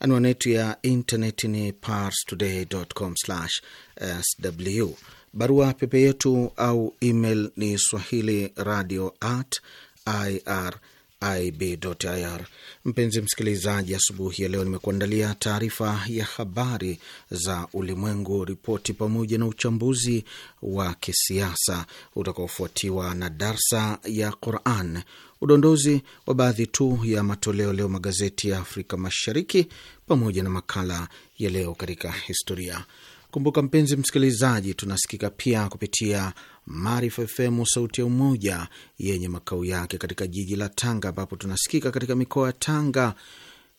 Anwani yetu ya intaneti ni parstoday.com/sw. Barua pepe yetu au email ni swahili radio at ir IB.ir. Mpenzi msikilizaji, asubuhi ya leo nimekuandalia taarifa ya habari za ulimwengu, ripoti pamoja na uchambuzi wa kisiasa utakaofuatiwa na darsa ya Quran, udondozi wa baadhi tu ya matoleo leo magazeti ya Afrika Mashariki, pamoja na makala ya leo katika historia. Kumbuka mpenzi msikilizaji, tunasikika pia kupitia Maarifa FM sauti ya Umoja yenye makao yake katika jiji la Tanga, ambapo tunasikika katika mikoa ya Tanga,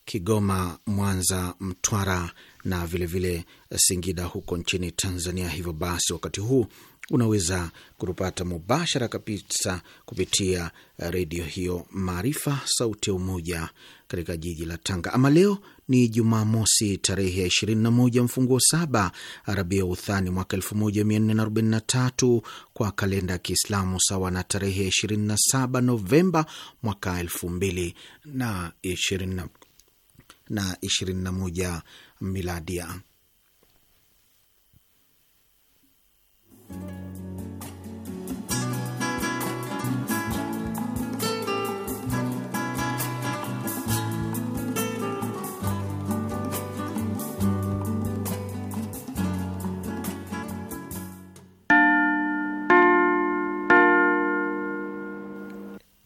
Kigoma, Mwanza, Mtwara na vilevile vile Singida huko nchini Tanzania. Hivyo basi, wakati huu unaweza kutupata mubashara kabisa kupitia eh, redio hiyo Maarifa Sauti ya Umoja katika jiji la Tanga. Ama leo ni Jumamosi tarehe ya 21 mfunguo saba Arabia Uthani mwaka 1443 kwa kalenda ya Kiislamu, sawa na tarehe ya 27 Novemba mwaka 2020 na 21 miladia.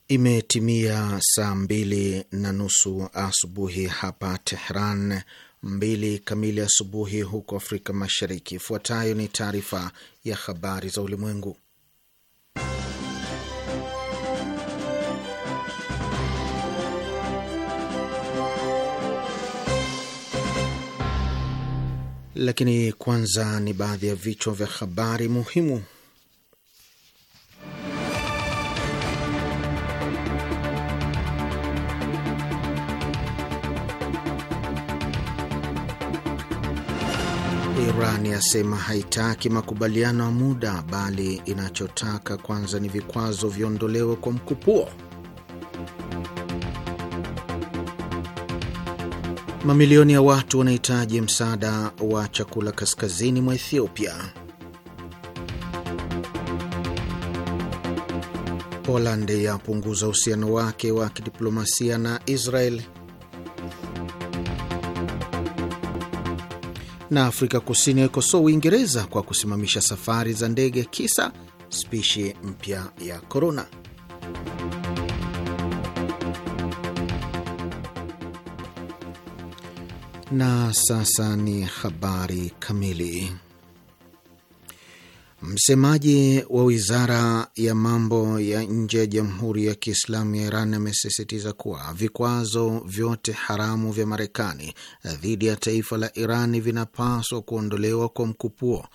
Imetimia saa mbili na nusu asubuhi hapa Tehran mbili kamili asubuhi huko Afrika Mashariki. Ifuatayo ni taarifa ya habari za ulimwengu, lakini kwanza ni baadhi ya vichwa vya habari muhimu. Iran yasema haitaki makubaliano ya muda bali inachotaka kwanza ni vikwazo viondolewe kwa mkupuo. Mamilioni ya watu wanahitaji msaada wa chakula kaskazini mwa Ethiopia. Poland yapunguza uhusiano wake wa kidiplomasia na Israel. na Afrika Kusini yaikosoa Uingereza kwa kusimamisha safari za ndege kisa spishi mpya ya korona. Na sasa ni habari kamili. Msemaji wa wizara ya mambo ya nje ya Jamhuri ya Kiislamu ya Iran amesisitiza kuwa vikwazo vyote haramu vya Marekani dhidi ya taifa la iran vinapaswa kuondolewa kwa mkupuo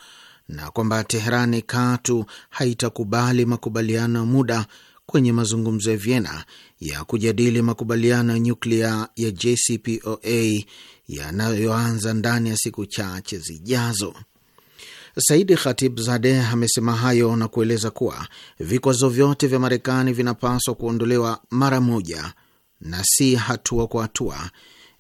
na kwamba Teherani katu haitakubali makubaliano ya muda kwenye mazungumzo ya Vienna ya kujadili makubaliano ya nyuklia ya JCPOA yanayoanza ndani ya siku chache zijazo. Saidi khatib zade amesema hayo na kueleza kuwa vikwazo vyote vya Marekani vinapaswa kuondolewa mara moja na si hatua kwa hatua,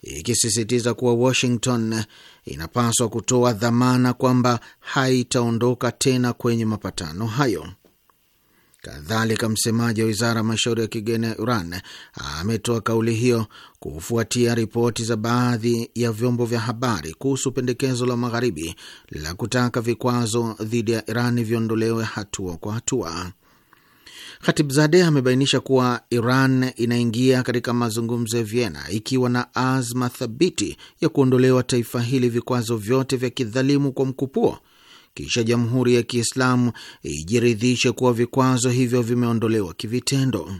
ikisisitiza kuwa Washington inapaswa kutoa dhamana kwamba haitaondoka tena kwenye mapatano hayo. Kadhalika, msemaji wa wizara ya mashauri ya kigeni ya Iran ametoa kauli hiyo kufuatia ripoti za baadhi ya vyombo vya habari kuhusu pendekezo la Magharibi la kutaka vikwazo dhidi ya Iran viondolewe hatua kwa hatua. Khatibzade amebainisha kuwa Iran inaingia katika mazungumzo ya Vienna ikiwa na azma thabiti ya kuondolewa taifa hili vikwazo vyote vya kidhalimu kwa mkupuo kisha Jamhuri ya Kiislamu ijiridhishe kuwa vikwazo hivyo vimeondolewa kivitendo.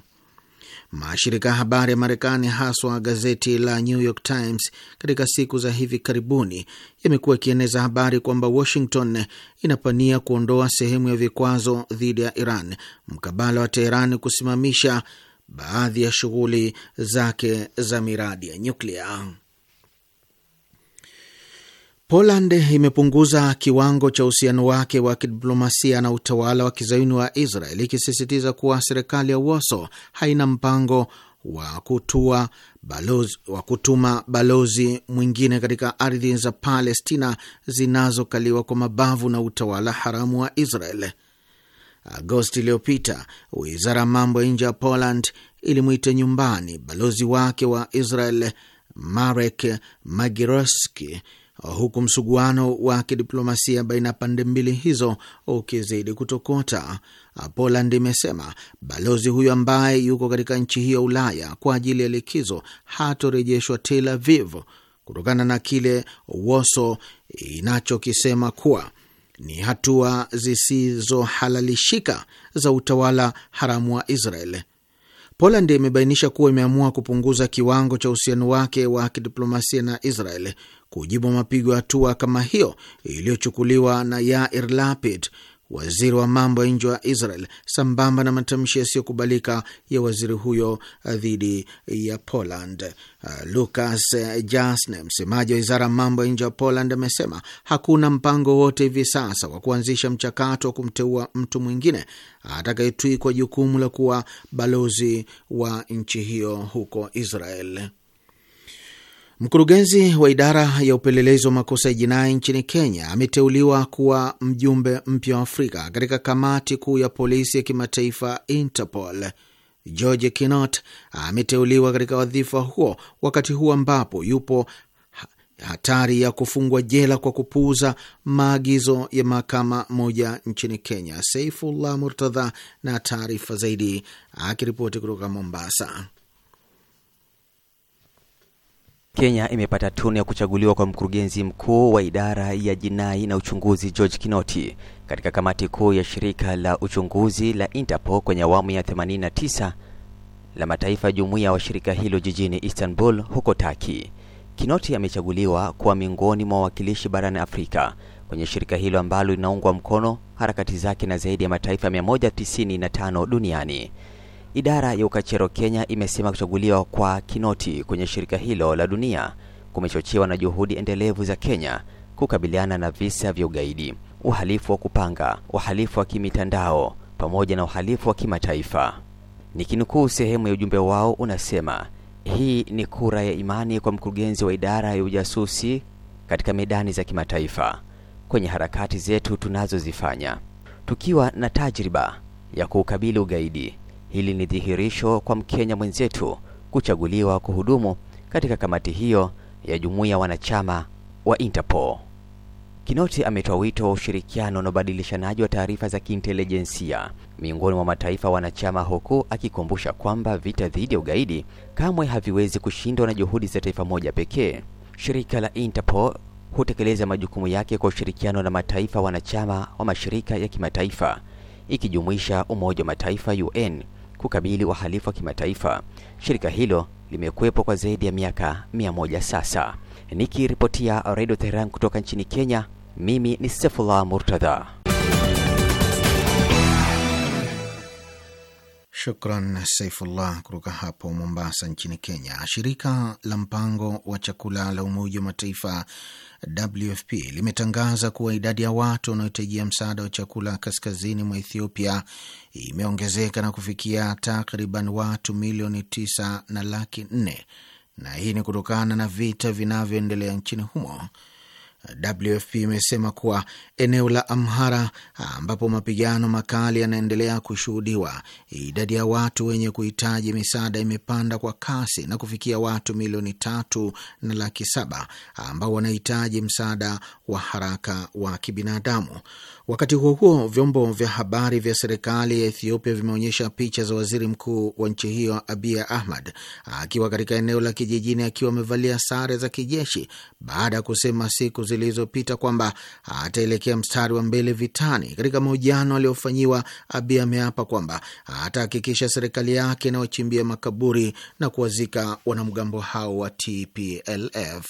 Mashirika ya habari ya Marekani, haswa gazeti la New York Times, katika siku za hivi karibuni yamekuwa ikieneza habari kwamba Washington inapania kuondoa sehemu ya vikwazo dhidi ya Iran mkabala wa Teheran kusimamisha baadhi ya shughuli zake za miradi ya nyuklia. Poland imepunguza kiwango cha uhusiano wake wa kidiplomasia na utawala wa kizayuni wa Israel ikisisitiza kuwa serikali ya Warsaw haina mpango wa kutua balozi, wa kutuma balozi mwingine katika ardhi za Palestina zinazokaliwa kwa mabavu na utawala haramu wa Israel. Agosti iliyopita wizara ya mambo ya nje ya Poland ilimwita nyumbani balozi wake wa Israel Marek magiroski huku msuguano wa kidiplomasia baina ya pande mbili hizo ukizidi kutokota. Poland imesema balozi huyo ambaye yuko katika nchi hiyo Ulaya kwa ajili ya likizo hatorejeshwa Tel Aviv kutokana na kile Woso inachokisema kuwa ni hatua zisizohalalishika za utawala haramu wa Israel. Poland imebainisha kuwa imeamua kupunguza kiwango cha uhusiano wake wa kidiplomasia na Israel kujibu mapigo ya hatua kama hiyo iliyochukuliwa na Yair Lapid, waziri wa mambo ya nje wa Israel, sambamba na matamshi yasiyokubalika ya waziri huyo dhidi ya Poland. Uh, Lukas Jasne, msemaji wa wizara ya mambo ya nje wa Poland, amesema hakuna mpango wote hivi sasa wa kuanzisha mchakato wa kumteua mtu mwingine atakayetwikwa jukumu la kuwa balozi wa nchi hiyo huko Israel. Mkurugenzi wa idara ya upelelezi wa makosa ya jinai nchini Kenya ameteuliwa kuwa mjumbe mpya wa Afrika katika kamati kuu ya polisi ya kimataifa Interpol. George Kinot ameteuliwa katika wadhifa huo wakati huu ambapo yupo hatari ya kufungwa jela kwa kupuuza maagizo ya mahakama moja nchini Kenya. Saifullah Murtadha na taarifa zaidi akiripoti kutoka Mombasa. Kenya imepata tunu ya kuchaguliwa kwa mkurugenzi mkuu wa idara ya jinai na uchunguzi George Kinoti katika kamati kuu ya shirika la uchunguzi la Interpol kwenye awamu ya 89 la mataifa jumuiya wa shirika hilo jijini Istanbul huko Turkey. Kinoti amechaguliwa kuwa miongoni mwa wawakilishi barani Afrika kwenye shirika hilo ambalo linaungwa mkono harakati zake na zaidi ya mataifa 195 duniani. Idara ya ukachero Kenya imesema kuchaguliwa kwa Kinoti kwenye shirika hilo la dunia kumechochewa na juhudi endelevu za Kenya kukabiliana na visa vya ugaidi, uhalifu wa kupanga, uhalifu wa kimitandao pamoja na uhalifu wa kimataifa. Nikinukuu sehemu ya ujumbe wao unasema, hii ni kura ya imani kwa mkurugenzi wa idara ya ujasusi katika medani za kimataifa kwenye harakati zetu tunazozifanya tukiwa na tajriba ya kuukabili ugaidi Hili ni dhihirisho kwa Mkenya mwenzetu kuchaguliwa kuhudumu katika kamati hiyo ya jumuiya wanachama wa Interpol. Kinoti ametoa wito wa ushirikiano na ubadilishanaji wa taarifa za kiintelijensia miongoni mwa mataifa wanachama, huku akikumbusha kwamba vita dhidi ya ugaidi kamwe haviwezi kushindwa na juhudi za taifa moja pekee. Shirika la Interpol hutekeleza majukumu yake kwa ushirikiano na mataifa wanachama wa mashirika ya kimataifa ikijumuisha Umoja wa Mataifa, UN, kukabili uhalifu wa kimataifa. Shirika hilo limekuwepo kwa zaidi ya miaka mia moja sasa. Nikiripotia Radio Tehran kutoka nchini Kenya, mimi ni Sefullah Murtadha. Shukran Saifullah kutoka hapo Mombasa nchini Kenya. Shirika la mpango wa chakula la Umoja wa Mataifa WFP limetangaza kuwa idadi ya watu wanaohitajia msaada wa chakula kaskazini mwa Ethiopia imeongezeka na kufikia takriban watu milioni tisa na laki nne, na hii ni kutokana na vita vinavyoendelea nchini humo WFP imesema kuwa eneo la Amhara ambapo mapigano makali yanaendelea kushuhudiwa, idadi ya watu wenye kuhitaji misaada imepanda kwa kasi na kufikia watu milioni tatu na laki saba ambao wanahitaji msaada wa haraka wa kibinadamu. Wakati huo huo, vyombo vya habari vya serikali ya Ethiopia vimeonyesha picha za waziri mkuu wa nchi hiyo Abiy Ahmed akiwa katika eneo la kijijini akiwa amevalia sare za kijeshi baada ya kusema siku zilizopita kwamba ataelekea mstari wa mbele vitani. Katika mahojiano aliyofanyiwa, Abiy ameapa kwamba atahakikisha serikali yake inawachimbia makaburi na kuwazika wanamgambo hao wa TPLF.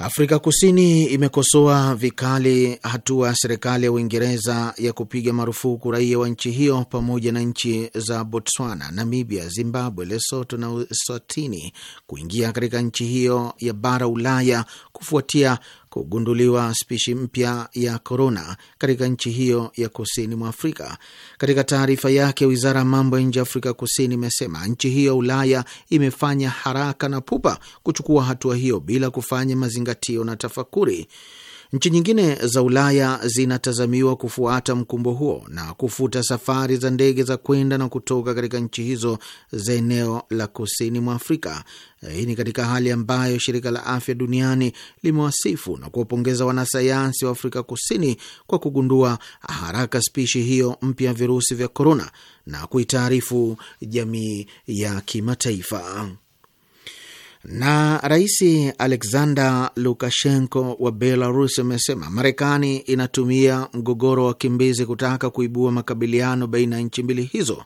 Afrika Kusini imekosoa vikali hatua ya serikali ya Uingereza ya kupiga marufuku raia wa nchi hiyo pamoja na nchi za Botswana, Namibia, Zimbabwe, lesoto na Eswatini kuingia katika nchi hiyo ya bara Ulaya kufuatia kugunduliwa spishi mpya ya korona katika nchi hiyo ya kusini mwa Afrika. Katika taarifa yake, wizara ya mambo ya nje ya Afrika Kusini imesema nchi hiyo ya Ulaya imefanya haraka na pupa kuchukua hatua hiyo bila kufanya mazingatio na tafakuri. Nchi nyingine za Ulaya zinatazamiwa kufuata mkumbo huo na kufuta safari za ndege za kwenda na kutoka katika nchi hizo za eneo la kusini mwa Afrika. Hii ni katika hali ambayo shirika la afya duniani limewasifu na kuwapongeza wanasayansi wa Afrika Kusini kwa kugundua haraka spishi hiyo mpya ya virusi vya korona na kuitaarifu jamii ya kimataifa. Na Rais Alexander Lukashenko wa Belarus amesema Marekani inatumia mgogoro wa wakimbizi kutaka kuibua makabiliano baina ya nchi mbili hizo.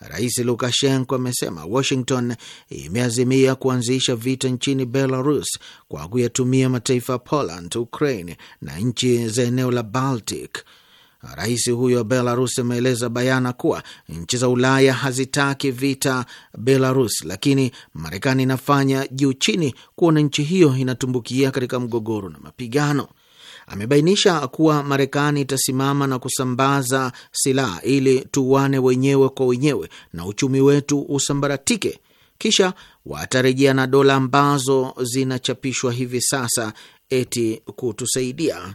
Rais Lukashenko amesema Washington imeazimia kuanzisha vita nchini Belarus kwa kuyatumia mataifa ya Poland, Ukraine na nchi za eneo la Baltic Rais huyo wa Belarus ameeleza bayana kuwa nchi za Ulaya hazitaki vita Belarus, lakini Marekani inafanya juu chini kuona nchi hiyo inatumbukia katika mgogoro na mapigano. Amebainisha kuwa Marekani itasimama na kusambaza silaha ili tuwane wenyewe kwa wenyewe na uchumi wetu usambaratike, kisha watarejea na dola ambazo zinachapishwa hivi sasa eti kutusaidia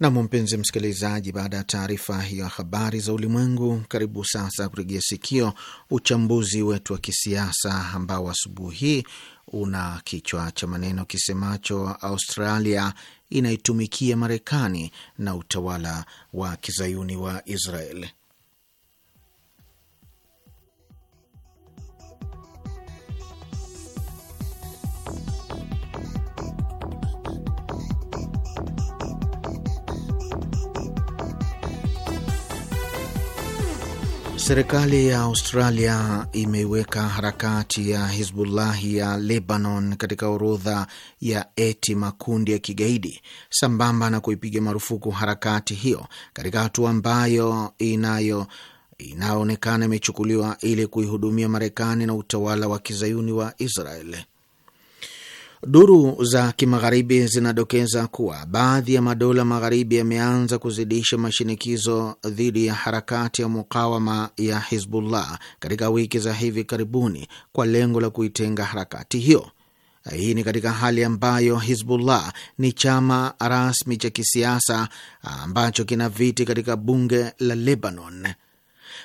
Nam, mpenzi msikilizaji, baada ya taarifa hiyo ya habari za ulimwengu, karibu sasa kurejea sikio uchambuzi wetu wa kisiasa ambao asubuhi hii una kichwa cha maneno kisemacho Australia inaitumikia Marekani na utawala wa kizayuni wa Israel. Serikali ya Australia imeiweka harakati ya Hizbullahi ya Lebanon katika orodha ya eti makundi ya kigaidi sambamba na kuipiga marufuku harakati hiyo katika hatua ambayo inayo inayoonekana imechukuliwa ili kuihudumia Marekani na utawala wa kizayuni wa Israel. Duru za kimagharibi zinadokeza kuwa baadhi ya madola magharibi yameanza kuzidisha mashinikizo dhidi ya harakati ya mukawama ya Hizbullah katika wiki za hivi karibuni kwa lengo la kuitenga harakati hiyo. Hii ni katika hali ambayo Hizbullah ni chama rasmi cha kisiasa ambacho kina viti katika bunge la Lebanon.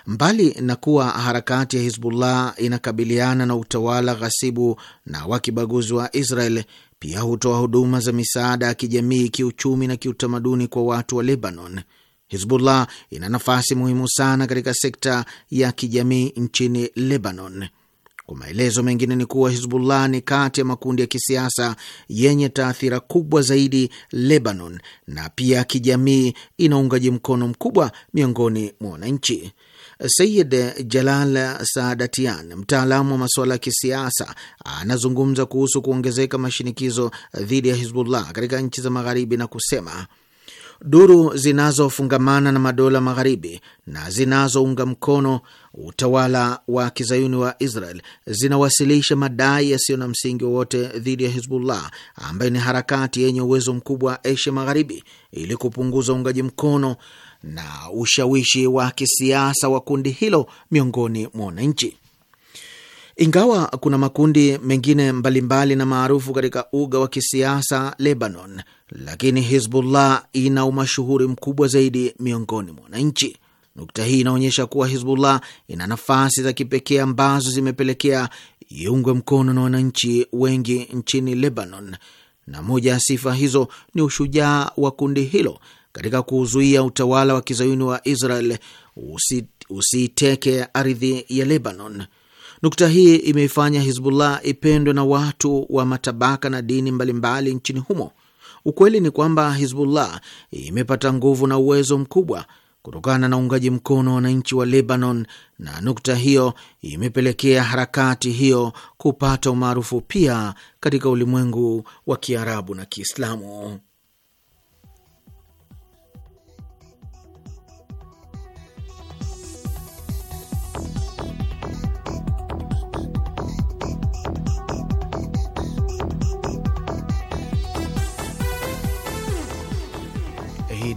Mbali na kuwa harakati ya Hizbullah inakabiliana na utawala ghasibu na wa kibaguzi wa Israel, pia hutoa huduma za misaada ya kijamii, kiuchumi na kiutamaduni kwa watu wa Lebanon. Hizbullah ina nafasi muhimu sana katika sekta ya kijamii nchini Lebanon. Kwa maelezo mengine ni kuwa Hizbullah ni kati ya makundi ya kisiasa yenye taathira kubwa zaidi Lebanon, na pia kijamii ina uungaji mkono mkubwa miongoni mwa wananchi. Sayid Jalal Saadatian, mtaalamu wa masuala ya kisiasa, anazungumza kuhusu kuongezeka mashinikizo dhidi ya Hizbullah katika nchi za Magharibi na kusema duru zinazofungamana na madola magharibi na zinazounga mkono utawala wa kizayuni wa Israel zinawasilisha madai yasiyo na msingi wowote dhidi ya Hizbullah ambayo ni harakati yenye uwezo mkubwa wa Asia Magharibi ili kupunguza uungaji mkono na ushawishi wa kisiasa wa kundi hilo miongoni mwa wananchi. Ingawa kuna makundi mengine mbalimbali na maarufu katika uga wa kisiasa Lebanon, lakini Hizbullah ina umashuhuri mkubwa zaidi miongoni mwa wananchi. Nukta hii inaonyesha kuwa Hizbullah ina nafasi za kipekee ambazo zimepelekea iungwe mkono na wananchi wengi nchini Lebanon, na moja ya sifa hizo ni ushujaa wa kundi hilo katika kuuzuia utawala wa kizayuni wa Israel usiiteke ardhi ya Lebanon. Nukta hii imeifanya Hizbullah ipendwe na watu wa matabaka na dini mbalimbali mbali nchini humo. Ukweli ni kwamba Hizbullah imepata nguvu na uwezo mkubwa kutokana na uungaji mkono wa wananchi wa Lebanon, na nukta hiyo imepelekea harakati hiyo kupata umaarufu pia katika ulimwengu wa Kiarabu na Kiislamu.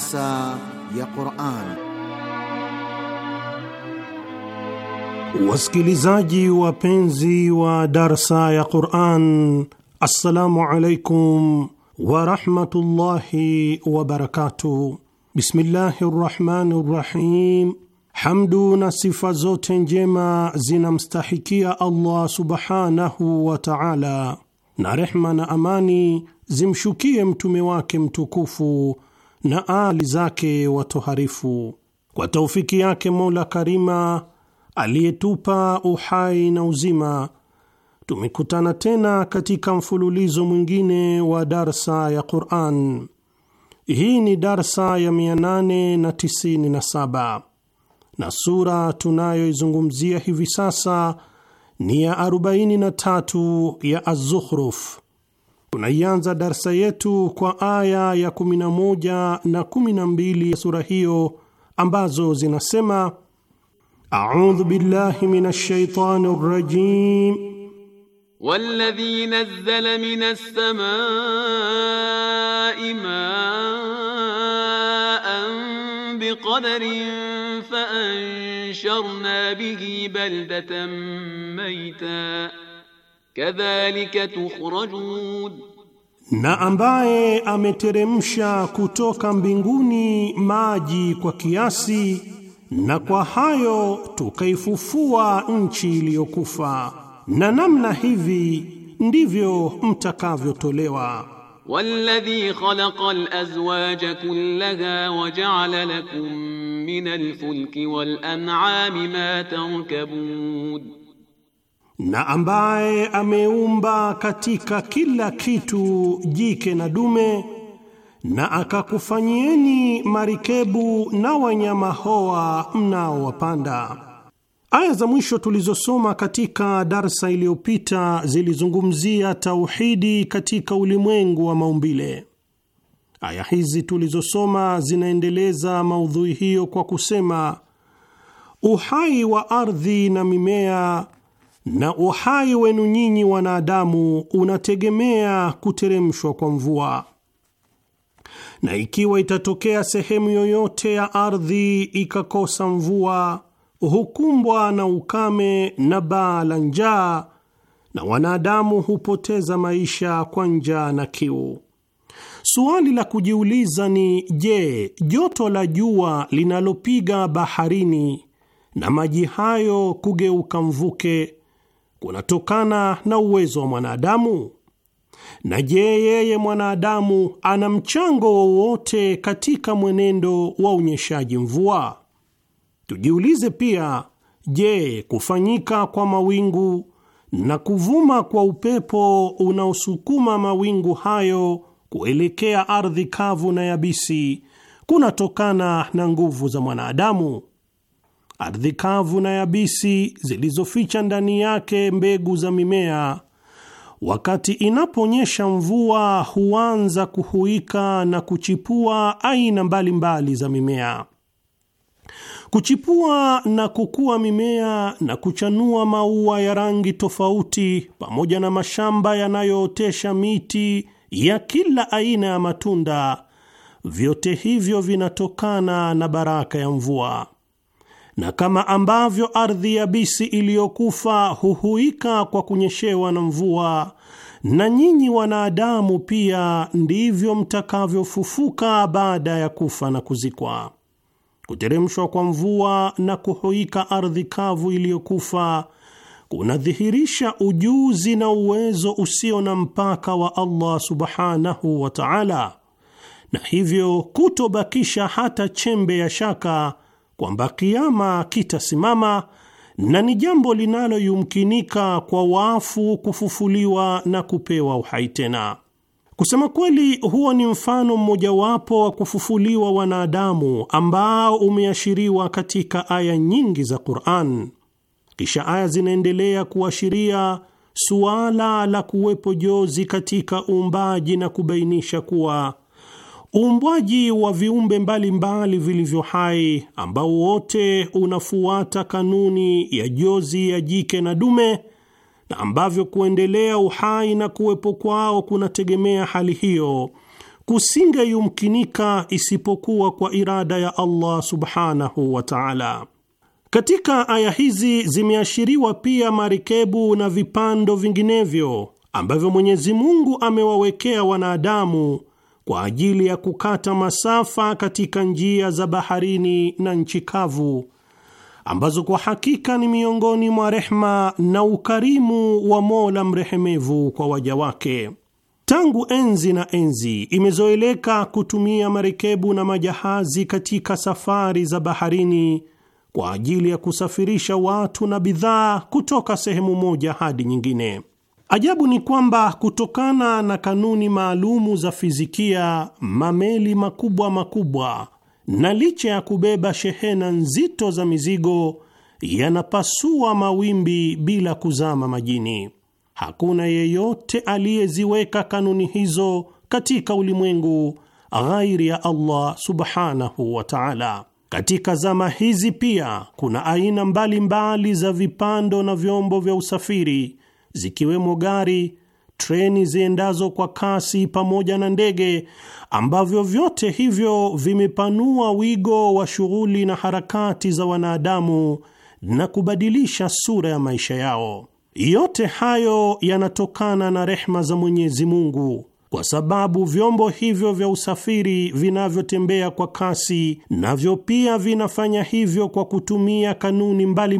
darsa ya Qur'an. Wasikilizaji wapenzi wa darsa ya Qur'an, assalamu alaikum warahmatullahi wabarakatuh wa barakatuh. Bismillahir Rahim. Hamdu na sifa zote njema zinamstahikia Allah subhanahu wa ta'ala, na rehma na amani zimshukie mtume wake mtukufu na ali zake watoharifu. Kwa taufiki yake Mola Karima aliyetupa uhai na uzima, tumekutana tena katika mfululizo mwingine wa darsa ya Quran. Hii ni darsa ya 897 na sura tunayoizungumzia hivi sasa ni ya 43 ya Az-Zukhruf. Tunaianza darsa yetu kwa aya ya 11 na 12 ya sura hiyo ambazo zinasema: audhu billahi minash shaitani rajim, walladhi nazzala minas samai maan biqadarin fa ansharna bihi baldatan maita kadhalika tukhrajun, na ambaye ameteremsha kutoka mbinguni maji kwa kiasi, na kwa hayo tukaifufua nchi iliyokufa, na namna hivi ndivyo mtakavyotolewa. walladhi khalaqa alazwaja kullaha waja'ala lakum min alfulki walan'ami ma tarkabun na ambaye ameumba katika kila kitu jike na dume, na akakufanyieni marikebu na wanyama hoa mnaowapanda. Aya za mwisho tulizosoma katika darsa iliyopita zilizungumzia tauhidi katika ulimwengu wa maumbile. Aya hizi tulizosoma zinaendeleza maudhui hiyo kwa kusema, uhai wa ardhi na mimea na uhai wenu nyinyi wanadamu unategemea kuteremshwa kwa mvua. Na ikiwa itatokea sehemu yoyote ya ardhi ikakosa mvua, hukumbwa na ukame na baa la njaa, na wanadamu hupoteza maisha kwa njaa na kiu. Suali la kujiuliza ni je, joto la jua linalopiga baharini na maji hayo kugeuka mvuke kunatokana na uwezo wa mwanadamu? Na je, yeye mwanadamu ana mchango wowote katika mwenendo wa unyeshaji mvua? Tujiulize pia, je, kufanyika kwa mawingu na kuvuma kwa upepo unaosukuma mawingu hayo kuelekea ardhi kavu na yabisi kunatokana na nguvu za mwanadamu? ardhi kavu na yabisi zilizoficha ndani yake mbegu za mimea. Wakati inaponyesha mvua, huanza kuhuika na kuchipua aina mbalimbali mbali za mimea. Kuchipua na kukua mimea na kuchanua maua ya rangi tofauti, pamoja na mashamba yanayootesha miti ya kila aina ya matunda, vyote hivyo vinatokana na baraka ya mvua na kama ambavyo ardhi yabisi iliyokufa huhuika kwa kunyeshewa na mvua, na nyinyi wanadamu pia ndivyo mtakavyofufuka baada ya kufa na kuzikwa. Kuteremshwa kwa mvua na kuhuika ardhi kavu iliyokufa kunadhihirisha ujuzi na uwezo usio na mpaka wa Allah subhanahu wa ta'ala, na hivyo kutobakisha hata chembe ya shaka kwamba kiama kitasimama na ni jambo linaloyumkinika kwa wafu kufufuliwa na kupewa uhai tena. Kusema kweli, huo ni mfano mmojawapo wa kufufuliwa wanadamu ambao umeashiriwa katika aya nyingi za Qur'an. Kisha aya zinaendelea kuashiria suala la kuwepo jozi katika uumbaji na kubainisha kuwa Uumbwaji wa viumbe mbalimbali vilivyo hai ambao wote unafuata kanuni ya jozi ya jike na dume na ambavyo kuendelea uhai na kuwepo kwao kunategemea hali hiyo, kusingeyumkinika isipokuwa kwa irada ya Allah subhanahu wa ta'ala. Katika aya hizi zimeashiriwa pia marikebu na vipando vinginevyo ambavyo Mwenyezi Mungu amewawekea wanadamu kwa ajili ya kukata masafa katika njia za baharini na nchi kavu ambazo kwa hakika ni miongoni mwa rehma na ukarimu wa Mola mrehemevu kwa waja wake. Tangu enzi na enzi imezoeleka kutumia marekebu na majahazi katika safari za baharini kwa ajili ya kusafirisha watu na bidhaa kutoka sehemu moja hadi nyingine. Ajabu ni kwamba kutokana na kanuni maalumu za fizikia, mameli makubwa makubwa na licha ya kubeba shehena nzito za mizigo yanapasua mawimbi bila kuzama majini. Hakuna yeyote aliyeziweka kanuni hizo katika ulimwengu ghairi ya Allah subhanahu wa ta'ala. Katika zama hizi pia kuna aina mbalimbali mbali za vipando na vyombo vya usafiri zikiwemo gari, treni ziendazo kwa kasi pamoja na ndege, ambavyo vyote hivyo vimepanua wigo wa shughuli na harakati za wanadamu na kubadilisha sura ya maisha yao. Yote hayo yanatokana na rehma za Mwenyezi Mungu, kwa sababu vyombo hivyo vya usafiri vinavyotembea kwa kasi navyo pia vinafanya hivyo kwa kutumia kanuni mbalimbali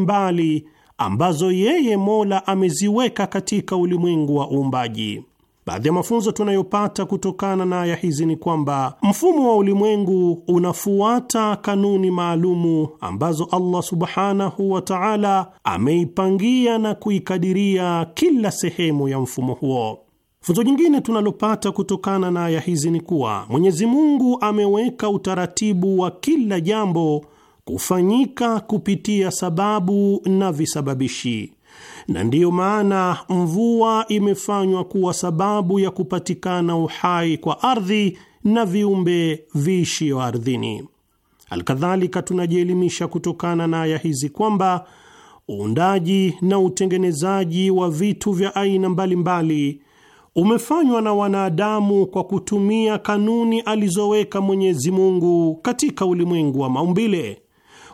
mbali ambazo yeye Mola ameziweka katika ulimwengu wa uumbaji. Baadhi ya mafunzo tunayopata kutokana na aya hizi ni kwamba mfumo wa ulimwengu unafuata kanuni maalumu ambazo Allah subhanahu wa ta'ala ameipangia na kuikadiria kila sehemu ya mfumo huo. Funzo jingine tunalopata kutokana na aya hizi ni kuwa Mwenyezi Mungu ameweka utaratibu wa kila jambo hufanyika kupitia sababu na visababishi, na ndiyo maana mvua imefanywa kuwa sababu ya kupatikana uhai kwa ardhi na viumbe viishio ardhini. Alkadhalika, tunajielimisha kutokana na aya hizi kwamba uundaji na utengenezaji wa vitu vya aina mbalimbali umefanywa na wanadamu kwa kutumia kanuni alizoweka Mwenyezi Mungu katika ulimwengu wa maumbile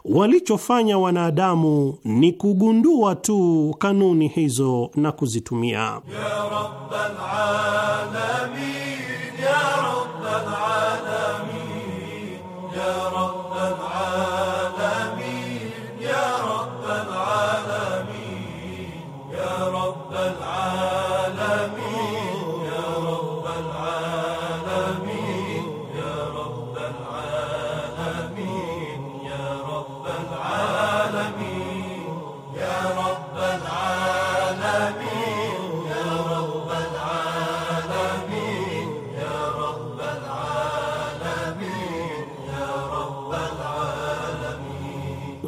Walichofanya wanadamu ni kugundua tu kanuni hizo na kuzitumia ya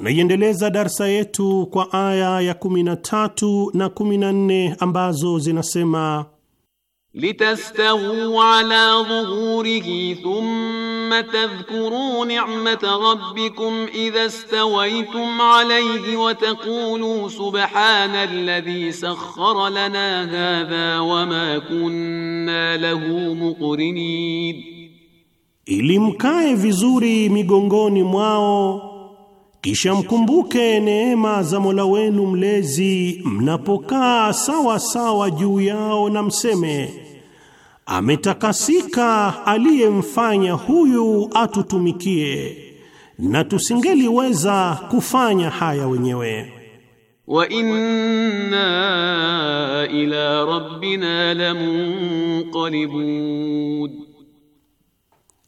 Tumeiendeleza darsa yetu kwa aya ya 13 na 14 ambazo zinasema litastawu ala dhuhurihi thumma tadhkuru ni'mata rabbikum idha stawaytum alayhi wa taqulu subhana alladhi sakhkhara lana hadha wa ma kunna lahu muqrinin, ili mkae vizuri migongoni mwao kisha mkumbuke neema za Mola wenu mlezi mnapokaa sawa sawa juu yao, na mseme ametakasika aliyemfanya huyu atutumikie, na tusingeliweza kufanya haya wenyewe. Wa inna ila rabbina lamunqalibun,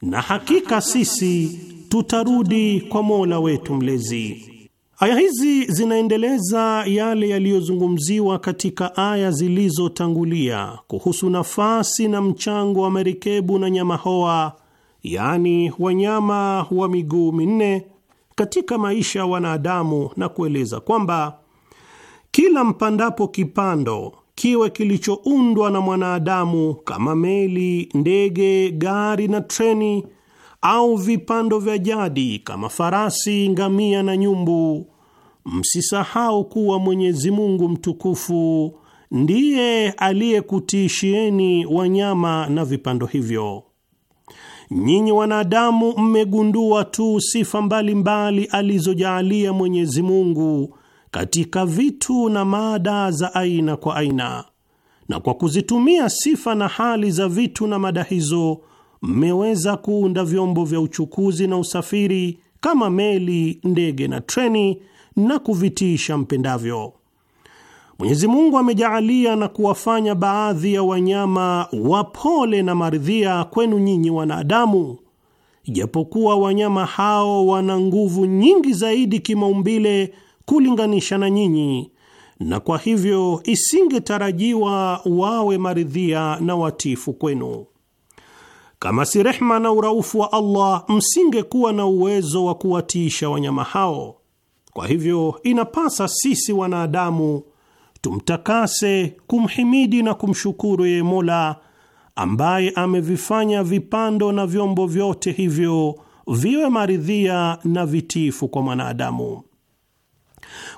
na hakika sisi tutarudi kwa Mola wetu mlezi. Aya hizi zinaendeleza yale yaliyozungumziwa katika aya zilizotangulia kuhusu nafasi na mchango wa merikebu na nyama hoa, yaani wanyama wa miguu minne katika maisha ya wanadamu, na kueleza kwamba kila mpandapo kipando kiwe kilichoundwa na mwanadamu kama meli, ndege, gari na treni au vipando vya jadi kama farasi, ngamia na nyumbu, msisahau kuwa Mwenyezi Mungu mtukufu ndiye aliyekutiishieni wanyama na vipando hivyo. Nyinyi wanadamu mmegundua tu sifa mbalimbali alizojaalia Mwenyezi Mungu katika vitu na mada za aina kwa aina, na kwa kuzitumia sifa na hali za vitu na mada hizo mmeweza kuunda vyombo vya uchukuzi na usafiri kama meli, ndege na treni na kuvitiisha mpendavyo. Mwenyezi Mungu amejaalia na kuwafanya baadhi ya wanyama wapole na maridhia kwenu nyinyi wanadamu, ijapokuwa wanyama hao wana nguvu nyingi zaidi kimaumbile kulinganisha na nyinyi, na kwa hivyo isingetarajiwa wawe maridhia na watifu kwenu. Kama si rehma na uraufu wa Allah, msingekuwa na uwezo wa kuwatiisha wanyama hao. Kwa hivyo, inapasa sisi wanadamu tumtakase, kumhimidi na kumshukuru yeye Mola ambaye amevifanya vipando na vyombo vyote hivyo viwe maridhia na vitifu kwa mwanadamu.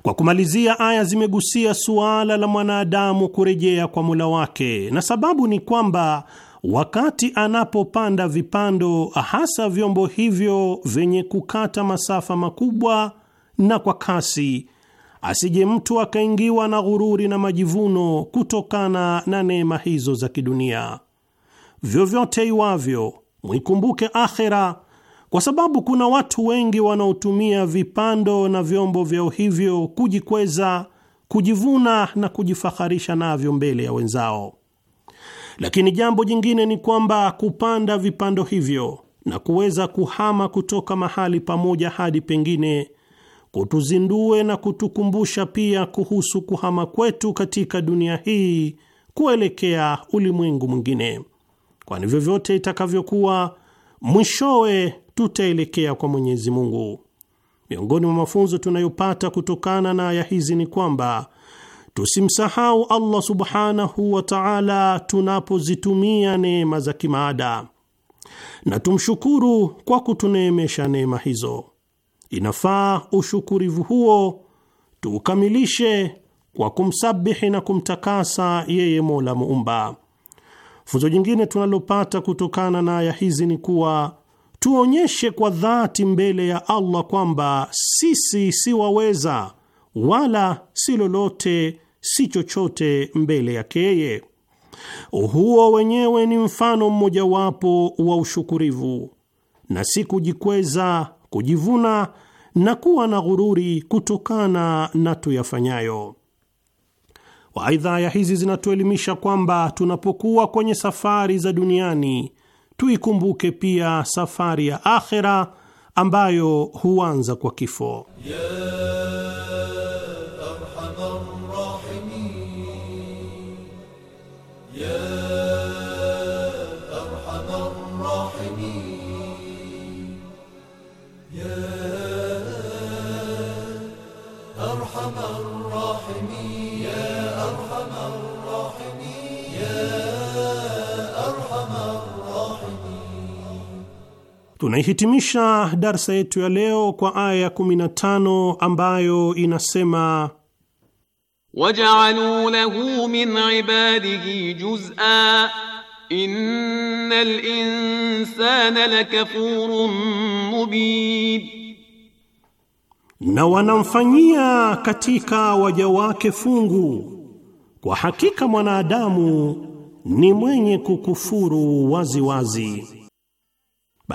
Kwa kumalizia, aya zimegusia suala la mwanadamu kurejea kwa Mola wake, na sababu ni kwamba wakati anapopanda vipando, hasa vyombo hivyo vyenye kukata masafa makubwa na kwa kasi, asije mtu akaingiwa na ghururi na majivuno kutokana na neema hizo za kidunia. Vyovyote iwavyo, mwikumbuke akhera, kwa sababu kuna watu wengi wanaotumia vipando na vyombo vyao hivyo kujikweza, kujivuna na kujifaharisha navyo mbele ya wenzao. Lakini jambo jingine ni kwamba kupanda vipando hivyo na kuweza kuhama kutoka mahali pamoja hadi pengine kutuzindue na kutukumbusha pia kuhusu kuhama kwetu katika dunia hii kuelekea ulimwengu mwingine, kwani vyovyote itakavyokuwa, mwishowe tutaelekea kwa Mwenyezi Mungu. Miongoni mwa mafunzo tunayopata kutokana na aya hizi ni kwamba Tusimsahau Allah subhanahu wa taala tunapozitumia neema za kimaada, na tumshukuru kwa kutuneemesha neema hizo. Inafaa ushukurivu huo tuukamilishe kwa kumsabihi na kumtakasa yeye Mola Muumba. Funzo jingine tunalopata kutokana na aya hizi ni kuwa tuonyeshe kwa dhati mbele ya Allah kwamba sisi siwaweza wala si lolote si chochote mbele yake yeye. Huo wenyewe ni mfano mmojawapo wa ushukurivu na si kujikweza, kujivuna na kuwa na ghururi kutokana na tuyafanyayo. Waidha, aya hizi zinatuelimisha kwamba tunapokuwa kwenye safari za duniani tuikumbuke pia safari ya akhera ambayo huanza kwa kifo yeah. Tunaihitimisha darsa yetu ya leo kwa aya ya 15 ambayo inasema waj'aluu lahu min ibadihi juz'a innal insana lakafurun mubin, na wanamfanyia katika waja wake fungu, kwa hakika mwanadamu ni mwenye kukufuru waziwazi wazi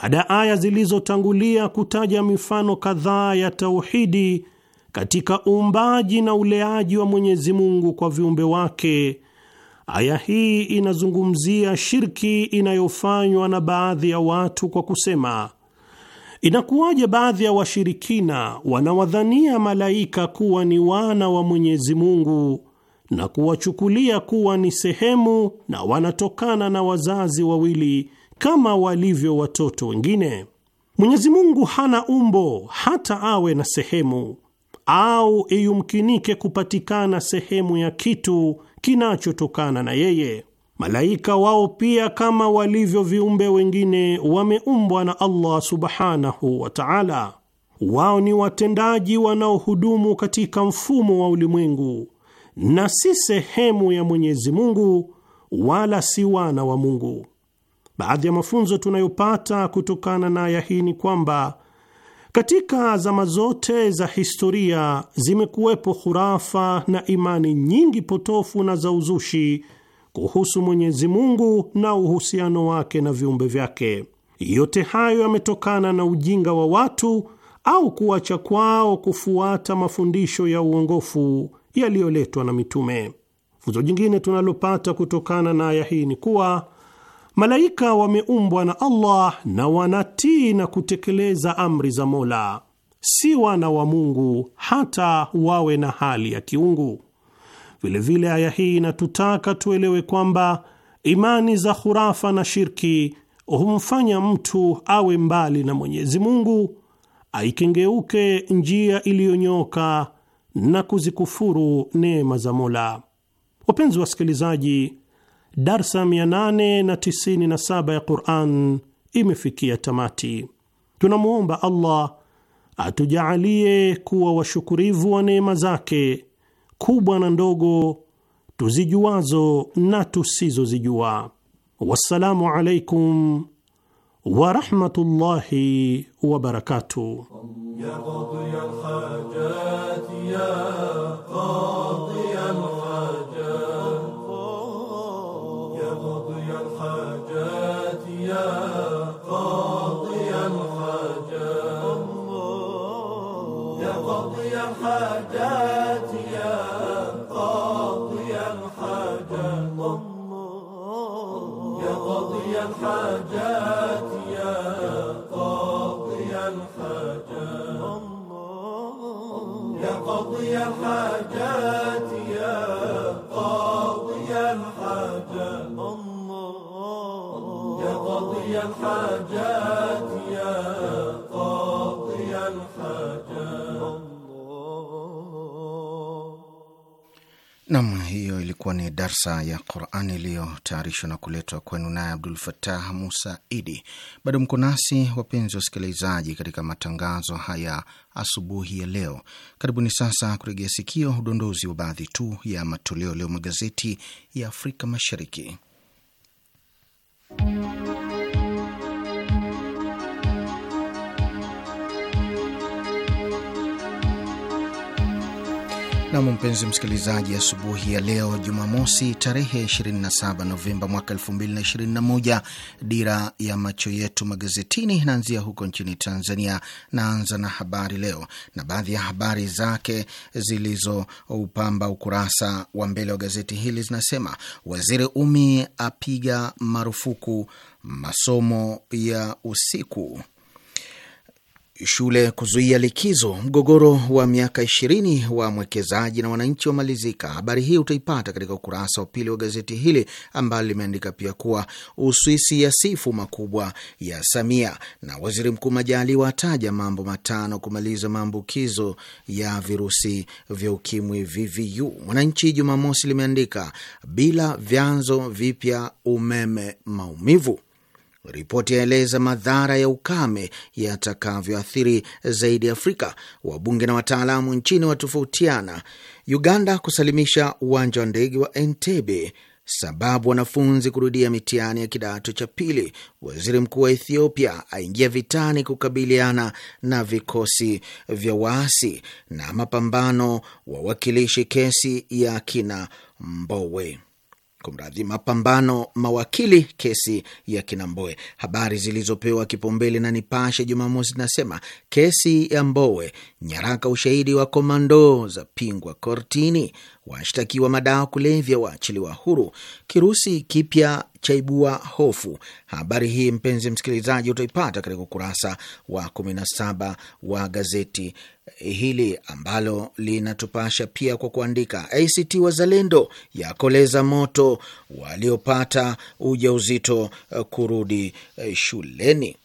baada ya aya zilizotangulia kutaja mifano kadhaa ya tauhidi katika uumbaji na uleaji wa Mwenyezi Mungu kwa viumbe wake, aya hii inazungumzia shirki inayofanywa na baadhi ya watu kwa kusema, inakuwaje baadhi ya washirikina wanawadhania malaika kuwa ni wana wa Mwenyezi Mungu na kuwachukulia kuwa ni sehemu na wanatokana na wazazi wawili kama walivyo watoto wengine. Mwenyezi Mungu hana umbo hata awe na sehemu au iyumkinike kupatikana sehemu ya kitu kinachotokana na yeye. Malaika wao pia kama walivyo viumbe wengine wameumbwa na Allah subhanahu wa ta'ala. Wao ni watendaji wanaohudumu katika mfumo wa ulimwengu na si sehemu ya Mwenyezi Mungu wala si wana wa Mungu. Baadhi ya mafunzo tunayopata kutokana na aya hii ni kwamba katika zama zote za historia zimekuwepo hurafa na imani nyingi potofu na za uzushi kuhusu Mwenyezi Mungu na uhusiano wake na viumbe vyake. Yote hayo yametokana na ujinga wa watu au kuacha kwao kufuata mafundisho ya uongofu yaliyoletwa na mitume. Funzo jingine tunalopata kutokana na aya hii ni kuwa Malaika wameumbwa na Allah na wanatii na kutekeleza amri za Mola, si wana wa Mungu hata wawe na hali ya kiungu. Vilevile aya hii inatutaka tuelewe kwamba imani za hurafa na shirki humfanya mtu awe mbali na Mwenyezi Mungu, aikengeuke njia iliyonyoka na kuzikufuru neema za Mola. Wapenzi wasikilizaji, darsa 897 ya Quran imefikia tamati. Tunamwomba Allah atujaalie kuwa washukurivu wa neema zake kubwa na ndogo tuzijuazo na tusizozijua. Wassalamu alaikum warahmatullahi wabarakatuh. حاجات يا قاضي الحاجات يا قاضي الحاجات يا قاضي الحاجات يا قاضي الحاجات يا قاضي الحاجات يا قاضي الحاجات يا Nam, hiyo ilikuwa ni darsa ya Qurani iliyotayarishwa na kuletwa kwenu naye Abdul Fatah Musa Idi. Bado mko nasi wapenzi wa wasikilizaji, katika matangazo haya asubuhi ya leo. Karibuni sasa kuregea sikio udondozi wa baadhi tu ya matoleo leo magazeti ya Afrika Mashariki. Nam, mpenzi msikilizaji, asubuhi ya leo Jumamosi tarehe 27 Novemba mwaka 2021, dira ya macho yetu magazetini naanzia huko nchini Tanzania. Naanza na Habari Leo na baadhi ya habari zake zilizoupamba ukurasa wa mbele wa gazeti hili zinasema: Waziri Umi apiga marufuku masomo ya usiku Shule kuzuia likizo, mgogoro wa miaka ishirini wa mwekezaji na wananchi wamalizika. Habari hii utaipata katika ukurasa wa pili wa gazeti hili ambalo limeandika pia kuwa Uswisi ya sifu makubwa ya Samia na waziri mkuu Majaliwa ataja mambo matano kumaliza maambukizo ya virusi vya ukimwi VVU. Mwananchi Jumamosi limeandika bila vyanzo vipya umeme maumivu Ripoti yaeleza madhara ya ukame yatakavyoathiri zaidi Afrika. Wabunge na wataalamu nchini watofautiana. Uganda kusalimisha uwanja wa ndege wa Entebbe, sababu wanafunzi kurudia mitihani ya kidato cha pili. Waziri mkuu wa Ethiopia aingia vitani kukabiliana na vikosi vya waasi, na mapambano wawakilishi kesi ya kina Mbowe kumradhi, mapambano mawakili kesi ya kina Mbowe. Habari zilizopewa kipaumbele na Nipashe Jumamosi zinasema kesi ya Mbowe, nyaraka ushahidi wa komando za pingwa kortini, washtakiwa madawa kulevya waachiliwa huru, kirusi kipya chaibua hofu. Habari hii mpenzi msikilizaji, utaipata katika ukurasa wa 17 wa gazeti hili ambalo linatupasha pia kwa kuandika, ACT Wazalendo yakoleza moto waliopata ujauzito eh, kurudi eh, shuleni.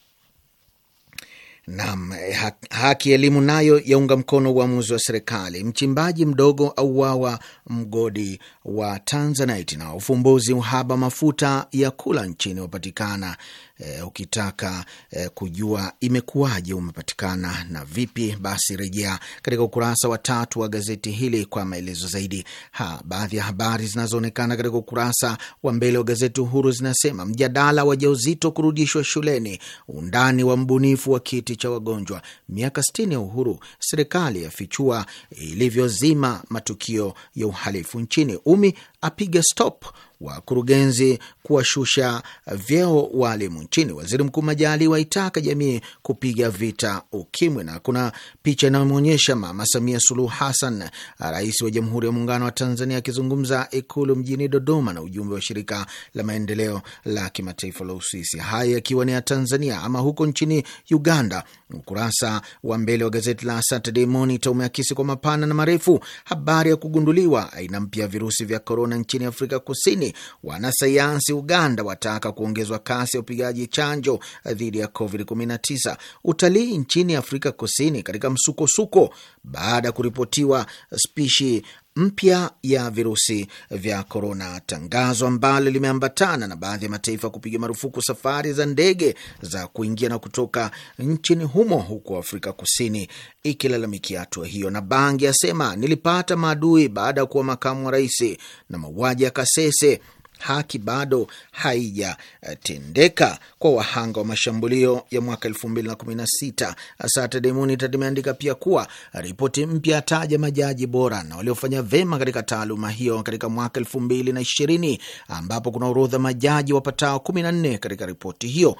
Naam, eh, haki elimu nayo yaunga mkono uamuzi wa serikali. Mchimbaji mdogo auawa mgodi wa Tanzanite, na ufumbuzi uhaba mafuta ya kula nchini wapatikana e, ukitaka e, kujua imekuwaje umepatikana na vipi, basi rejea katika ukurasa wa tatu wa gazeti hili kwa maelezo zaidi. Ha, baadhi ya habari zinazoonekana katika ukurasa wa mbele wa gazeti Uhuru zinasema mjadala jauzito kurudishwa shuleni, undani wa mbunifu wa kiti cha wagonjwa, miaka sitini ya uhuru, serikali yafichua ilivyozima matukio ya uhalifu nchini, umi apiga stop wakurugenzi kuwashusha vyeo waalimu nchini. Waziri Mkuu Majaliwa aitaka jamii kupiga vita ukimwi, na kuna picha inayomwonyesha Mama Samia Suluhu Hassan, rais wa Jamhuri ya Muungano wa Tanzania, akizungumza Ikulu mjini Dodoma na ujumbe wa shirika la maendeleo la kimataifa la Uswisi. Haya yakiwa ni ya Tanzania. Ama huko nchini Uganda, ukurasa wa mbele wa gazeti la Saturday Monitor umeakisi kwa mapana na marefu habari ya kugunduliwa aina mpya ya virusi vya korona nchini Afrika Kusini Wanasayansi Uganda wataka kuongezwa kasi ya upigaji chanjo dhidi ya COVID-19. Utalii nchini Afrika Kusini katika msukosuko baada ya kuripotiwa spishi mpya ya virusi vya korona, tangazo ambalo limeambatana na baadhi ya mataifa kupiga marufuku safari za ndege za kuingia na kutoka nchini humo, huku Afrika Kusini ikilalamikia hatua hiyo. Na Bangi asema nilipata maadui baada ya kuwa makamu wa rais, na mauaji ya Kasese haki bado haijatendeka kwa wahanga wa mashambulio ya mwaka elfu mbili na kumi na sita. Saturday Monitor imeandika pia kuwa ripoti mpya yataja majaji bora na waliofanya vema katika taaluma hiyo katika mwaka elfu mbili na ishirini ambapo kuna orodha majaji wapatao kumi na nne katika ripoti hiyo.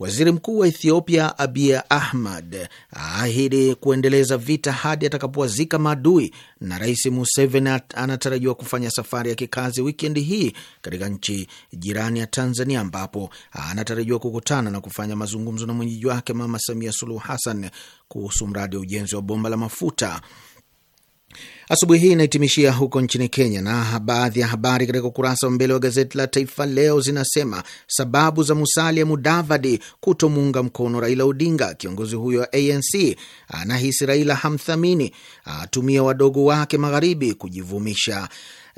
Waziri Mkuu wa Ethiopia Abiy Ahmed aahidi kuendeleza vita hadi atakapowazika maadui, na Rais Museveni anatarajiwa kufanya safari ya kikazi wikendi hii katika nchi jirani ya Tanzania, ambapo anatarajiwa kukutana na kufanya mazungumzo na mwenyeji wake Mama Samia Suluhu Hassan kuhusu mradi wa ujenzi wa bomba la mafuta Asubuhi hii inahitimishia huko nchini Kenya, na baadhi ya habari katika ukurasa wa mbele wa gazeti la Taifa Leo zinasema sababu za Musalia Mudavadi kutomuunga mkono Raila Odinga. Kiongozi huyo wa ANC anahisi Raila hamthamini, atumia wadogo wake magharibi kujivumisha.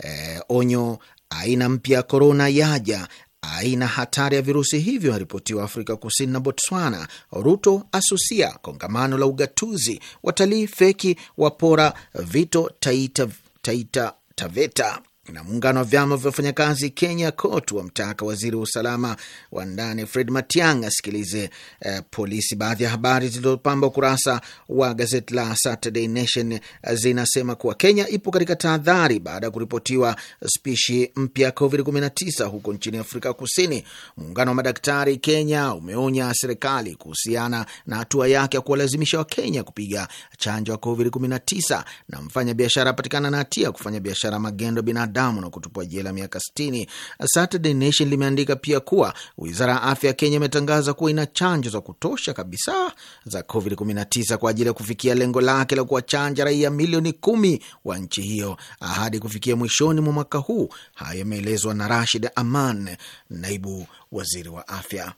Eh, onyo aina mpya ya korona yaja, aina hatari ya virusi hivyo aripotiwa Afrika Kusini na Botswana. Ruto asusia kongamano la ugatuzi, watalii feki wapora vito Taita, Taita Taveta na muungano wa vyama vya wafanyakazi Kenya KOT wamtaka waziri wa usalama wa ndani Fred Matiang asikilize eh, polisi. Baadhi ya habari zilizopamba ukurasa wa gazeti la Saturday Nation eh, zinasema kuwa Kenya ipo katika tahadhari baada ya kuripotiwa spishi mpya ya COVID-19 huko nchini Afrika Kusini. Muungano wa madaktari Kenya umeonya serikali kuhusiana na hatua yake ya kuwalazimisha Wakenya kupiga chanjo ya COVID-19, na mfanya biashara apatikana na hatia kufanya biashara magendo binadamu binadamu na kutupwa jela miaka 60. Saturday Nation limeandika pia kuwa wizara ya afya ya Kenya imetangaza kuwa ina chanjo za kutosha kabisa za COVID-19 kwa ajili ya kufikia lengo lake la kuwachanja raia milioni kumi wa nchi hiyo hadi kufikia mwishoni mwa mwaka huu. Hayo yameelezwa na Rashid Aman, naibu waziri wa afya.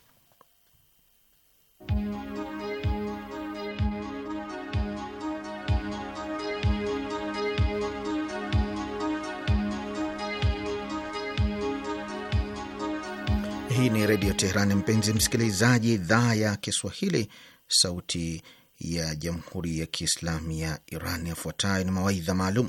Hii ni Redio Teheran, mpenzi msikilizaji, idhaa ya Kiswahili, sauti ya Jamhuri ya Kiislamu ya Iran. Yafuatayo ni mawaidha maalum.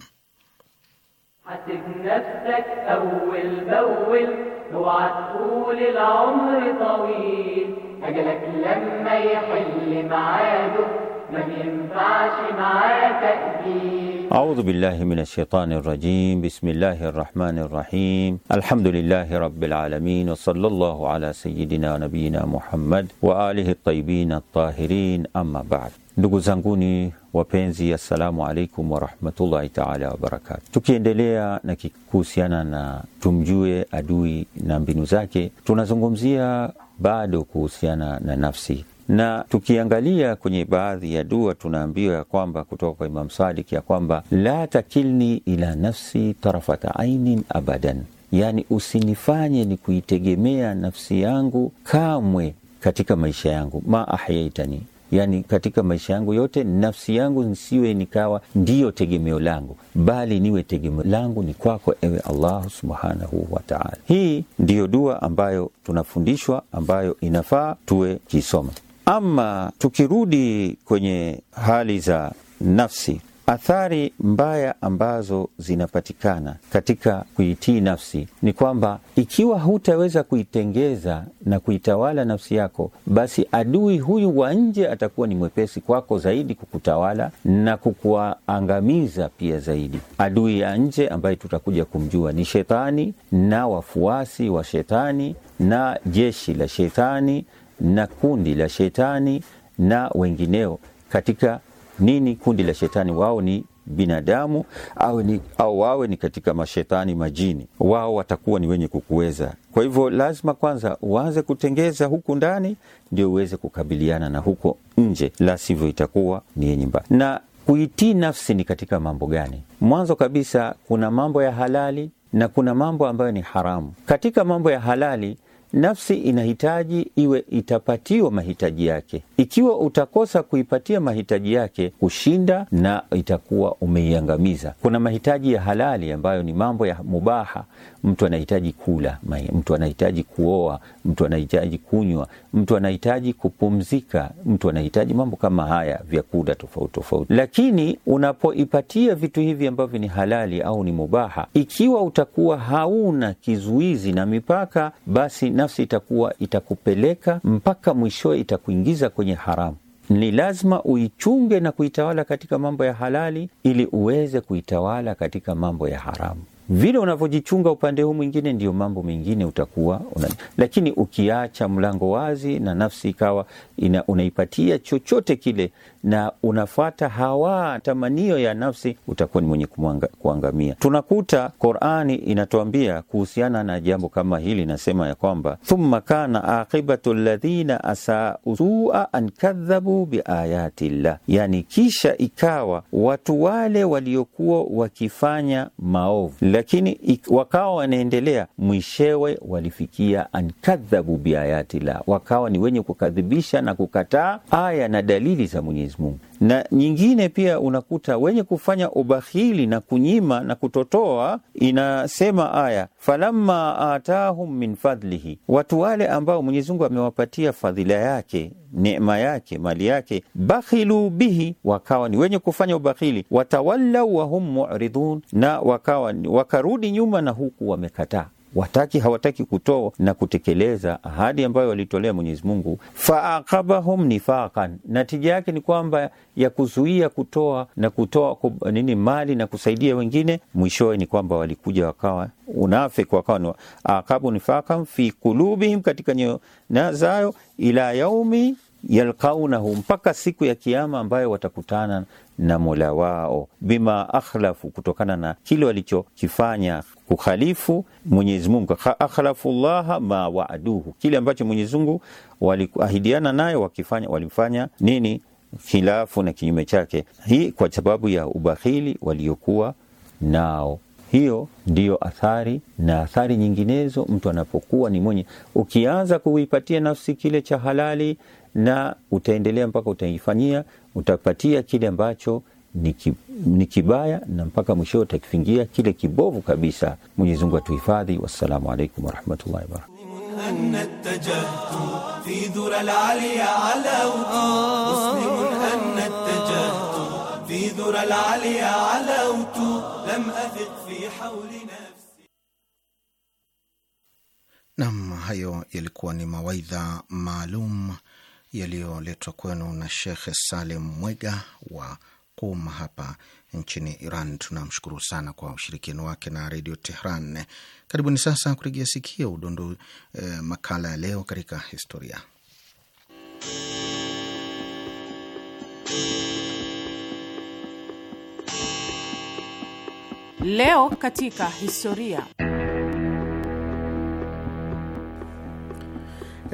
أعوذ بالله من الشيطان الرجيم بسم الله الرحمن الرحيم الحمد لله رب العالمين وصلى الله على سيدنا نبينا محمد وآله الطيبين الطاهرين أما بعد Ndugu zanguni wapenzi, assalamu alaikum warahmatullahi taala wabarakatu. Tukiendelea na kuhusiana na tumjue adui na mbinu zake, tunazungumzia bado kuhusiana na nafsi na tukiangalia kwenye baadhi ya dua tunaambiwa ya kwamba kutoka kwa Imam Sadik ya kwamba la takilni ila nafsi tarafata ainin abadan, yani usinifanye ni kuitegemea nafsi yangu kamwe katika maisha yangu, ma ahyaitani yani katika maisha yangu yote, nafsi yangu nisiwe nikawa ndiyo tegemeo langu, bali niwe tegemeo langu ni kwako, ewe Allah subhanahu wataala Hii ndiyo dua ambayo tunafundishwa, ambayo inafaa tuwe kiisoma ama tukirudi kwenye hali za nafsi, athari mbaya ambazo zinapatikana katika kuitii nafsi ni kwamba ikiwa hutaweza kuitengeza na kuitawala nafsi yako, basi adui huyu wa nje atakuwa ni mwepesi kwako zaidi kukutawala na kukuangamiza pia zaidi. Adui ya nje ambaye tutakuja kumjua ni shetani na wafuasi wa shetani na jeshi la shetani na kundi la shetani na wengineo katika nini? Kundi la shetani wao ni binadamu au, ni, au wawe ni katika mashetani majini, wao watakuwa ni wenye kukuweza. Kwa hivyo lazima kwanza uanze kutengeza huku ndani, ndio uweze kukabiliana na huko nje, la sivyo itakuwa ni yenye mbaya. Na kuitii nafsi ni katika mambo gani? Mwanzo kabisa kuna mambo ya halali na kuna mambo ambayo ni haramu. Katika mambo ya halali Nafsi inahitaji iwe itapatiwa mahitaji yake. Ikiwa utakosa kuipatia mahitaji yake, kushinda na itakuwa umeiangamiza. Kuna mahitaji ya halali ambayo ni mambo ya mubaha mtu anahitaji kula, mtu anahitaji kuoa, mtu anahitaji kunywa, mtu anahitaji kupumzika, mtu anahitaji mambo kama haya, vyakula tofauti tofauti. Lakini unapoipatia vitu hivi ambavyo ni halali au ni mubaha, ikiwa utakuwa hauna kizuizi na mipaka, basi nafsi itakuwa itakupeleka mpaka mwishowe itakuingiza kwenye haramu. Ni lazima uichunge na kuitawala katika mambo ya halali ili uweze kuitawala katika mambo ya haramu vile unavyojichunga upande huu mwingine, ndio mambo mengine utakuwa una. Lakini ukiacha mlango wazi na nafsi ikawa ina, unaipatia chochote kile na unafata hawa tamanio ya nafsi, utakuwa ni mwenye kuangamia. Tunakuta Qurani inatuambia kuhusiana na jambo kama hili, nasema ya kwamba thumma kana aqibatu ladhina asau sua an kadhabu biayati llah, yani kisha ikawa watu wale waliokuwa wakifanya maovu lakini wakawa wanaendelea, mwishewe walifikia ankadhabu biayati la, wakawa ni wenye kukadhibisha na kukataa aya na dalili za Mwenyezi Mungu na nyingine pia unakuta wenye kufanya ubakhili na kunyima na kutotoa. Inasema aya falamma atahum min fadlihi, watu wale ambao Mwenyezi Mungu amewapatia fadhila yake neema yake mali yake, bakhilu bihi, wakawa ni wenye kufanya ubakhili. Watawallau wahum muridhun, na wakawa wakarudi nyuma na huku wamekataa wataki hawataki kutoa na kutekeleza ahadi ambayo walitolea Mwenyezi Mungu. Faaqabahum nifaqan, natija yake ni kwamba ya kuzuia kutoa na kutoa nini mali na kusaidia wengine, mwishowe ni kwamba walikuja wakawa unafiki, wakawa aqabu nifaqan fi kulubihim, katika nyoyo zao, ila yaumi yalqaunahu, mpaka siku ya Kiama ambayo watakutana na mola wao bima akhlafu, kutokana na kile walichokifanya kukhalifu Mwenyezi Mungu. Akhlafu llaha ma waaduhu, kile ambacho Mwenyezi Mungu waliahidiana naye wakifanya, walifanya nini? Khilafu na kinyume chake. Hii kwa sababu ya ubakhili waliokuwa nao. Hiyo ndiyo athari na athari nyinginezo. Mtu anapokuwa ni mwenye, ukianza kuipatia nafsi kile cha halali, na utaendelea mpaka utaifanyia utapatia kile ambacho ni kibaya na mpaka mwisho utakifingia kile kibovu kabisa. Mwenyezi Mungu atuhifadhi. Wassalamu alaikum warahmatullahi wabarakatuh. Nam, hayo yalikuwa ni mawaidha maalum yaliyoletwa kwenu na shekhe Salim Mwega wa Qum hapa nchini Iran. Tunamshukuru sana kwa ushirikiano wake na Redio Tehran. Karibuni sasa kurejea sikia udondo eh, makala ya leo katika historia Leo katika historia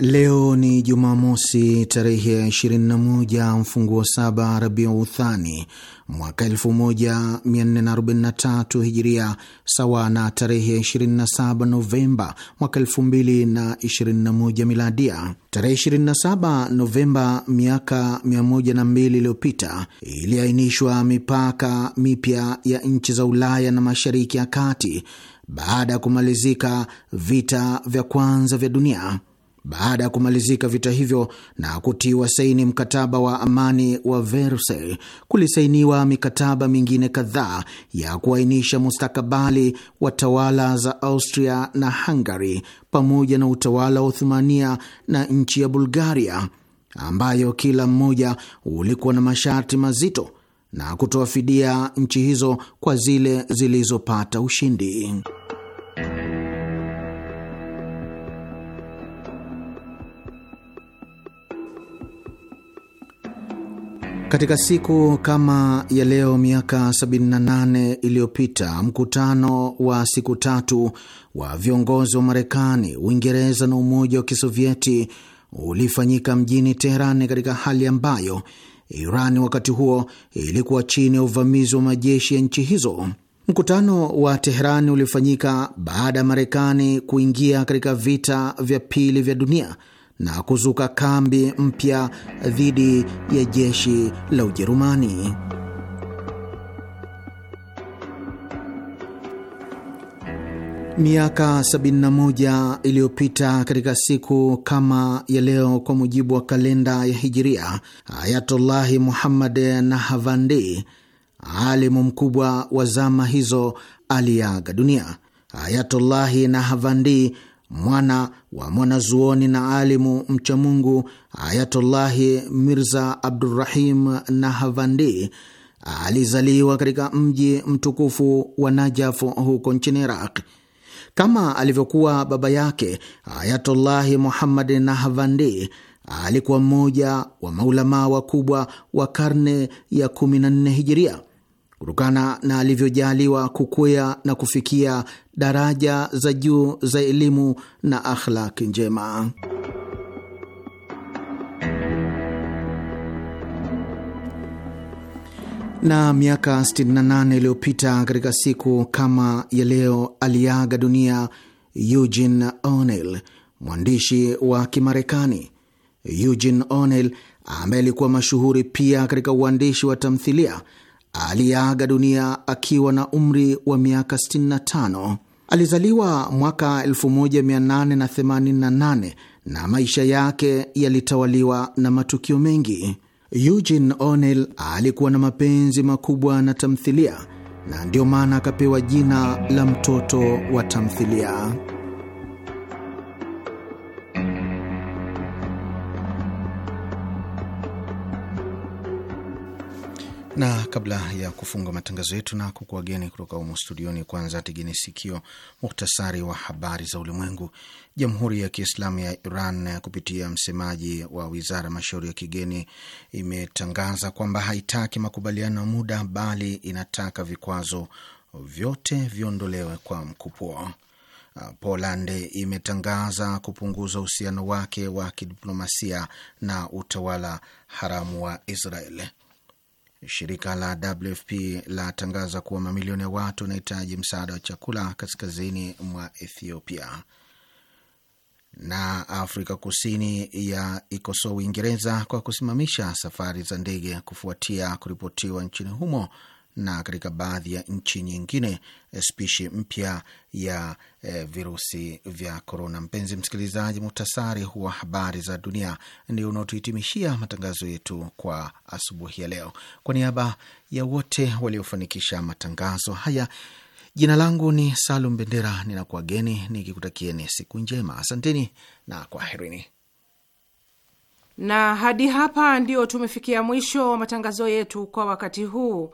Leo ni Jumamosi tarehe ya 21 mfunguo saba Rabiu Uthani mwaka 1443 Hijiria, sawa na tarehe 27 Novemba mwaka 2021 Miladia. Tarehe 27 Novemba miaka 102 iliyopita iliainishwa mipaka mipya ya nchi za Ulaya na Mashariki ya Kati baada ya kumalizika vita vya kwanza vya dunia. Baada ya kumalizika vita hivyo na kutiwa saini mkataba wa amani wa Versailles, kulisainiwa mikataba mingine kadhaa ya kuainisha mustakabali wa tawala za Austria na Hungary pamoja na utawala wa Uthumania na nchi ya Bulgaria, ambayo kila mmoja ulikuwa na masharti mazito na kutoa fidia nchi hizo kwa zile zilizopata ushindi. Katika siku kama ya leo miaka 78 iliyopita mkutano wa siku tatu wa viongozi wa Marekani, Uingereza na Umoja wa Kisovieti ulifanyika mjini Teherani, katika hali ambayo Iran wakati huo ilikuwa chini ya uvamizi wa majeshi ya nchi hizo. Mkutano wa Teherani ulifanyika baada ya Marekani kuingia katika vita vya pili vya dunia na kuzuka kambi mpya dhidi ya jeshi la Ujerumani. Miaka 71 iliyopita katika siku kama ya leo, kwa mujibu wa kalenda ya Hijiria, Ayatullahi Muhammad Nahavandi, alimu mkubwa wa zama hizo, aliaga dunia. Ayatullahi Nahavandi mwana wa mwanazuoni na alimu mchamungu Ayatullahi Mirza Abdurrahim Nahavandi alizaliwa katika mji mtukufu wa Najaf huko nchini Iraq. Kama alivyokuwa baba yake, Ayatullahi Muhammad Nahavandi alikuwa mmoja wa maulamaa wakubwa wa karne ya 14 Hijiria. Kutokana na alivyojaliwa kukwea na kufikia daraja za juu za elimu na akhlaki njema. Na miaka 68 iliyopita katika siku kama ya leo aliaga dunia Eugene O'Neill, mwandishi wa Kimarekani. Eugene O'Neill ambaye alikuwa mashuhuri pia katika uandishi wa tamthilia aliaga dunia akiwa na umri wa miaka 65. Alizaliwa mwaka 1888 na maisha yake yalitawaliwa na matukio mengi. Eugene O'Neill alikuwa na mapenzi makubwa na tamthilia na ndio maana akapewa jina la mtoto wa tamthilia. na kabla ya kufunga matangazo yetu na kukuwageni kutoka humo studioni, kwanza tegeni sikio muhtasari wa habari za ulimwengu. Jamhuri ya Kiislamu ya Iran kupitia msemaji wa wizara mashauri ya kigeni imetangaza kwamba haitaki makubaliano ya muda, bali inataka vikwazo vyote viondolewe kwa mkupuo. Poland imetangaza kupunguza uhusiano wake wa kidiplomasia na utawala haramu wa Israeli. Shirika la WFP latangaza kuwa mamilioni ya watu wanahitaji msaada wa chakula kaskazini mwa Ethiopia. Na Afrika Kusini ya ikosoa Uingereza kwa kusimamisha safari za ndege kufuatia kuripotiwa nchini humo na katika baadhi ya nchi nyingine eh, spishi mpya ya e, virusi vya korona. Mpenzi msikilizaji, muhtasari wa habari za dunia ndio unaotuhitimishia matangazo yetu kwa asubuhi ya leo. Kwa niaba ya wote waliofanikisha matangazo haya, jina langu ni Salum Bendera, ninakuwageni nikikutakieni siku njema. Asanteni na kwaherini na hadi hapa ndio tumefikia mwisho wa matangazo yetu kwa wakati huu.